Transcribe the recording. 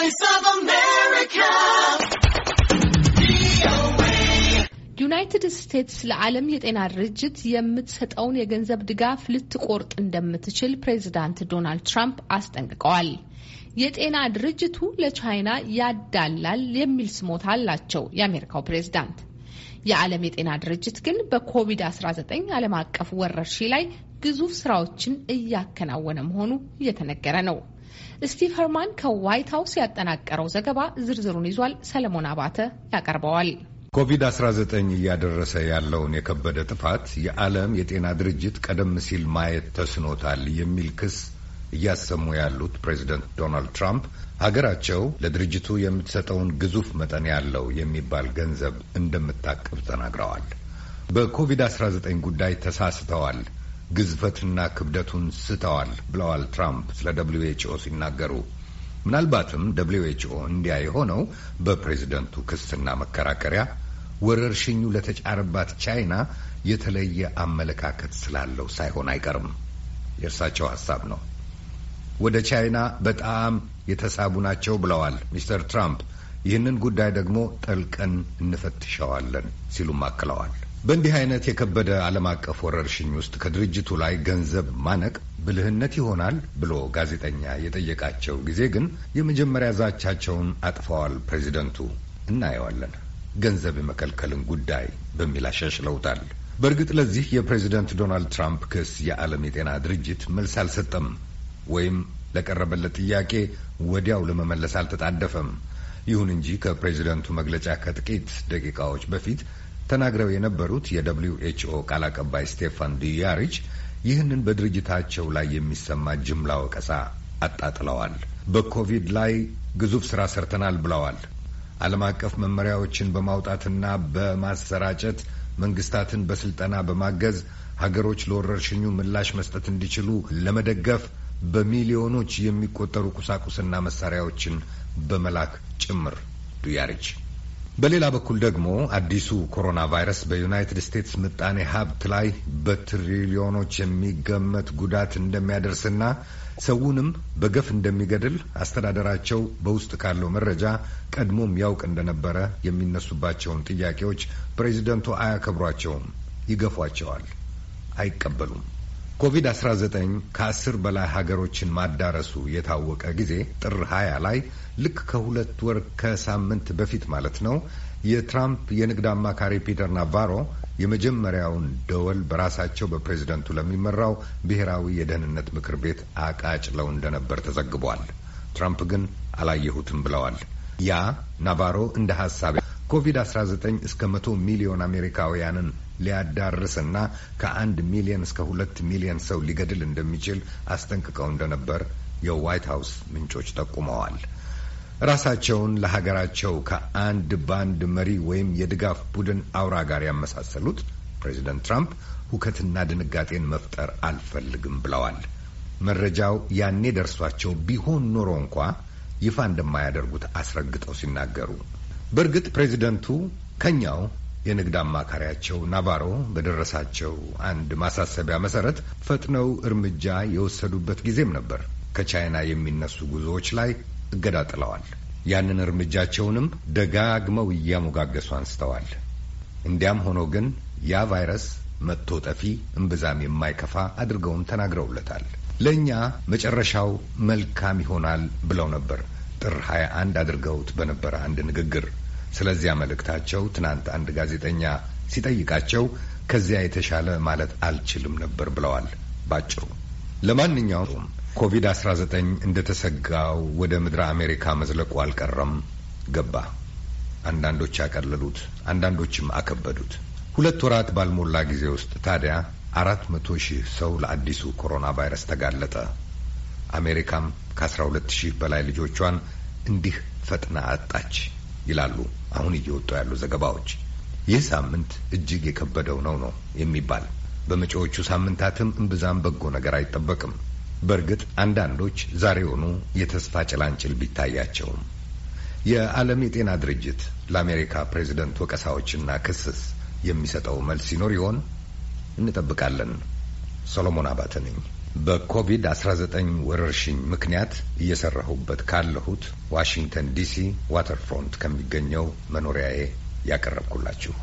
voice of America. ዩናይትድ ስቴትስ ለዓለም የጤና ድርጅት የምትሰጠውን የገንዘብ ድጋፍ ልትቆርጥ እንደምትችል ፕሬዚዳንት ዶናልድ ትራምፕ አስጠንቅቀዋል። የጤና ድርጅቱ ለቻይና ያዳላል የሚል ስሞታ አላቸው የአሜሪካው ፕሬዚዳንት። የዓለም የጤና ድርጅት ግን በኮቪድ-19 ዓለም አቀፍ ወረርሺ ላይ ግዙፍ ስራዎችን እያከናወነ መሆኑ እየተነገረ ነው። ስቲቭ ኸርማን ከዋይት ሀውስ ያጠናቀረው ዘገባ ዝርዝሩን ይዟል። ሰለሞን አባተ ያቀርበዋል። ኮቪድ-19 እያደረሰ ያለውን የከበደ ጥፋት የዓለም የጤና ድርጅት ቀደም ሲል ማየት ተስኖታል የሚል ክስ እያሰሙ ያሉት ፕሬዚደንት ዶናልድ ትራምፕ ሀገራቸው ለድርጅቱ የምትሰጠውን ግዙፍ መጠን ያለው የሚባል ገንዘብ እንደምታቅብ ተናግረዋል። በኮቪድ-19 ጉዳይ ተሳስተዋል ግዝፈትና ክብደቱን ስተዋል ብለዋል ትራምፕ ስለ ደብሊው ኤችኦ ሲናገሩ። ምናልባትም ደብሊው ኤችኦ እንዲያ የሆነው በፕሬዝደንቱ ክስና መከራከሪያ ወረርሽኙ ለተጫረባት ቻይና የተለየ አመለካከት ስላለው ሳይሆን አይቀርም። የእርሳቸው ሀሳብ ነው። ወደ ቻይና በጣም የተሳቡ ናቸው ብለዋል ሚስተር ትራምፕ። ይህንን ጉዳይ ደግሞ ጠልቀን እንፈትሸዋለን ሲሉም አክለዋል። በእንዲህ አይነት የከበደ ዓለም አቀፍ ወረርሽኝ ውስጥ ከድርጅቱ ላይ ገንዘብ ማነቅ ብልህነት ይሆናል ብሎ ጋዜጠኛ የጠየቃቸው ጊዜ ግን የመጀመሪያ ዛቻቸውን አጥፈዋል። ፕሬዚደንቱ እናየዋለን፣ ገንዘብ የመከልከልን ጉዳይ በሚል አሻሽለውታል። በእርግጥ ለዚህ የፕሬዚደንት ዶናልድ ትራምፕ ክስ የዓለም የጤና ድርጅት መልስ አልሰጠም ወይም ለቀረበለት ጥያቄ ወዲያው ለመመለስ አልተጣደፈም። ይሁን እንጂ ከፕሬዚደንቱ መግለጫ ከጥቂት ደቂቃዎች በፊት ተናግረው የነበሩት የደብሊው ኤችኦ ቃል አቀባይ ስቴፋን ዱያሪች ይህንን በድርጅታቸው ላይ የሚሰማ ጅምላ ወቀሳ አጣጥለዋል። በኮቪድ ላይ ግዙፍ ስራ ሰርተናል ብለዋል። ዓለም አቀፍ መመሪያዎችን በማውጣትና በማሰራጨት መንግስታትን በስልጠና በማገዝ ሀገሮች ለወረርሽኙ ምላሽ መስጠት እንዲችሉ ለመደገፍ በሚሊዮኖች የሚቆጠሩ ቁሳቁስና መሳሪያዎችን በመላክ ጭምር ዱያሪች በሌላ በኩል ደግሞ አዲሱ ኮሮና ቫይረስ በዩናይትድ ስቴትስ ምጣኔ ሀብት ላይ በትሪሊዮኖች የሚገመት ጉዳት እንደሚያደርስና ሰውንም በገፍ እንደሚገድል አስተዳደራቸው በውስጥ ካለው መረጃ ቀድሞም ያውቅ እንደነበረ የሚነሱባቸውን ጥያቄዎች ፕሬዚደንቱ አያከብሯቸውም፣ ይገፏቸዋል፣ አይቀበሉም። ኮቪድ-19 ከአስር በላይ ሀገሮችን ማዳረሱ የታወቀ ጊዜ ጥር 20 ላይ ልክ ከሁለት ወር ከሳምንት በፊት ማለት ነው የትራምፕ የንግድ አማካሪ ፒተር ናቫሮ የመጀመሪያውን ደወል በራሳቸው በፕሬዝደንቱ ለሚመራው ብሔራዊ የደህንነት ምክር ቤት አቃጭለው እንደነበር ተዘግቧል። ትራምፕ ግን አላየሁትም ብለዋል። ያ ናቫሮ እንደ ሀሳብ ኮቪድ-19 እስከ መቶ ሚሊዮን አሜሪካውያንን ሊያዳርስና ከአንድ ሚሊዮን እስከ ሁለት ሚሊዮን ሰው ሊገድል እንደሚችል አስጠንቅቀው እንደነበር የዋይት ሀውስ ምንጮች ጠቁመዋል። ራሳቸውን ለሀገራቸው ከአንድ ባንድ መሪ ወይም የድጋፍ ቡድን አውራ ጋር ያመሳሰሉት ፕሬዚደንት ትራምፕ ሁከትና ድንጋጤን መፍጠር አልፈልግም ብለዋል። መረጃው ያኔ ደርሷቸው ቢሆን ኖሮ እንኳ ይፋ እንደማያደርጉት አስረግጠው ሲናገሩ፣ በእርግጥ ፕሬዚደንቱ ከኛው የንግድ አማካሪያቸው ናቫሮ በደረሳቸው አንድ ማሳሰቢያ መሰረት ፈጥነው እርምጃ የወሰዱበት ጊዜም ነበር። ከቻይና የሚነሱ ጉዞዎች ላይ እገዳ ጥለዋል። ያንን እርምጃቸውንም ደጋግመው እያሞጋገሱ አንስተዋል። እንዲያም ሆኖ ግን ያ ቫይረስ መጥቶ ጠፊ እምብዛም የማይከፋ አድርገውም ተናግረውለታል። ለእኛ መጨረሻው መልካም ይሆናል ብለው ነበር ጥር 21 አድርገውት በነበረ አንድ ንግግር ስለዚያ መልእክታቸው ትናንት አንድ ጋዜጠኛ ሲጠይቃቸው ከዚያ የተሻለ ማለት አልችልም ነበር ብለዋል። ባጭሩ ለማንኛውም ኮቪድ-19 እንደተሰጋው ወደ ምድረ አሜሪካ መዝለቁ አልቀረም፣ ገባ። አንዳንዶች ያቀለሉት፣ አንዳንዶችም አከበዱት። ሁለት ወራት ባልሞላ ጊዜ ውስጥ ታዲያ አራት መቶ ሺህ ሰው ለአዲሱ ኮሮና ቫይረስ ተጋለጠ። አሜሪካም ከ ሁለት ሺህ በላይ ልጆቿን እንዲህ ፈጥና አጣች። ይላሉ አሁን እየወጡ ያሉ ዘገባዎች። ይህ ሳምንት እጅግ የከበደው ነው ነው የሚባል በመጪዎቹ ሳምንታትም እምብዛም በጎ ነገር አይጠበቅም። በእርግጥ አንዳንዶች ዛሬውኑ የተስፋ ጭላንጭል ቢታያቸውም የዓለም የጤና ድርጅት ለአሜሪካ ፕሬዝደንት ወቀሳዎችና ክስስ የሚሰጠው መልስ ሲኖር ይሆን? እንጠብቃለን። ሰሎሞን አባተ ነኝ። በኮቪድ-19 ወረርሽኝ ምክንያት እየሰራሁበት ካለሁት ዋሽንግተን ዲሲ ዋተርፍሮንት ከሚገኘው መኖሪያዬ ያቀረብኩላችሁ